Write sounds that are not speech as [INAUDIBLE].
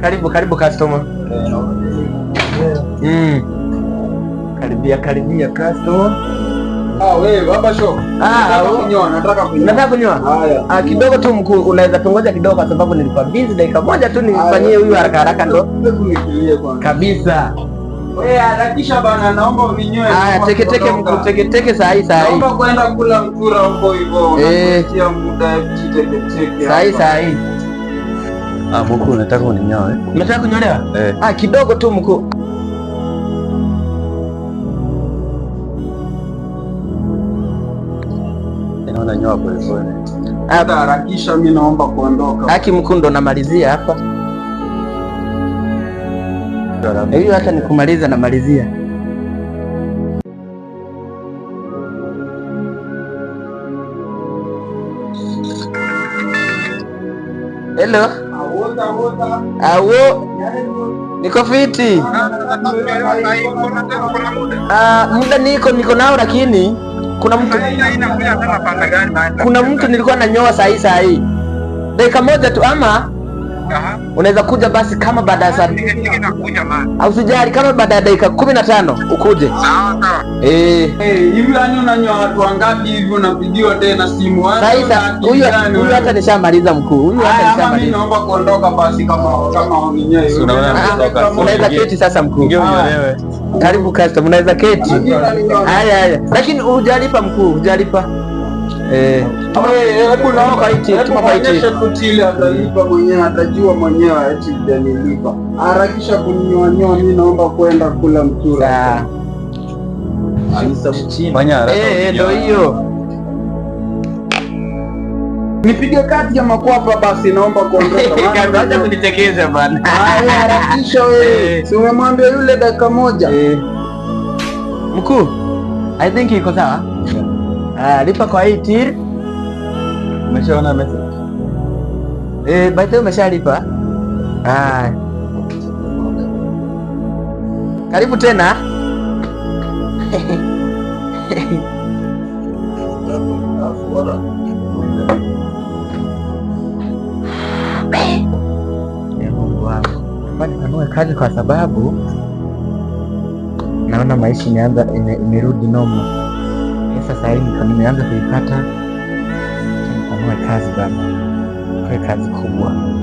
Karibu karibu customer. Mm. Karibia karibia customer. Ah wewe baba shop. Ah, nataka kunywa. Nataka kunywa. Ah, kidogo tu mkuu, unaweza tungoja kidogo kwa sababu nilikuwa busy dakika moja tu nifanyie huyu haraka haraka ndo. Kabisa. Wewe harakisha bana, naomba unywe. Ah, teke teke mkuu, teke teke saa hii saa hii. Naomba kwenda kula mtura huko hivyo. Unatia eh. muda teke teke. Saa hii saa hii. Ah, mkuu, nataka uninyoe. Unataka kunyolewa? Eh. Ah, kidogo tu mkuu. Inaona nyoa kwa hizo. Hata harakisha, mimi naomba kuondoka. Haki mkuu, ndo namalizia hapa. Hiyo hata nikumaliza namalizia. Hello. Awo. Niko fiti. Ah, muda niko niko nao lakini kuna mtu kuna mtu nilikuwa nanyoa saa hii saa hii. Dakika moja tu ama unaweza kuja basi kama baada ya saa au kama baada ya dakika kumi na tano ukuje. Sawa sawa. Eh hivi yaani nanywa watu wangapi hivi, unapigiwa tena simu huyu? Hata nishamaliza mkuu, naomba kuondoka basi. Unaweza ah, keti sasa mkuu, ah. karibu custom, unaweza keti. Haya haya, lakini hujalipa mkuu, hujalipa eh. atalipa mwenyewe, atajua mwenyewe. Harakisha kunyoanyoa, mimi naomba kwenda kula mtura. Ah. Eh, eh, ndio hiyo. Nipige kati ya makwapa basi, naomba kuondoka. [LAUGHS] Acha kunitekeza bana. Haya, harakisha wewe. [LAUGHS] Eh. Si umemwambia yule dakika moja. Mkuu, I think iko sawa. Ah, lipa kwa hii tir. Umeshaona message? Eh, by the way umeshalipa? Ah. Karibu tena. Nipanue kazi kwa sababu naona maisha imeanza imerudi nomo. Sasa hii nimeanza kuipata, nipanue kazi baba, kwa kazi kubwa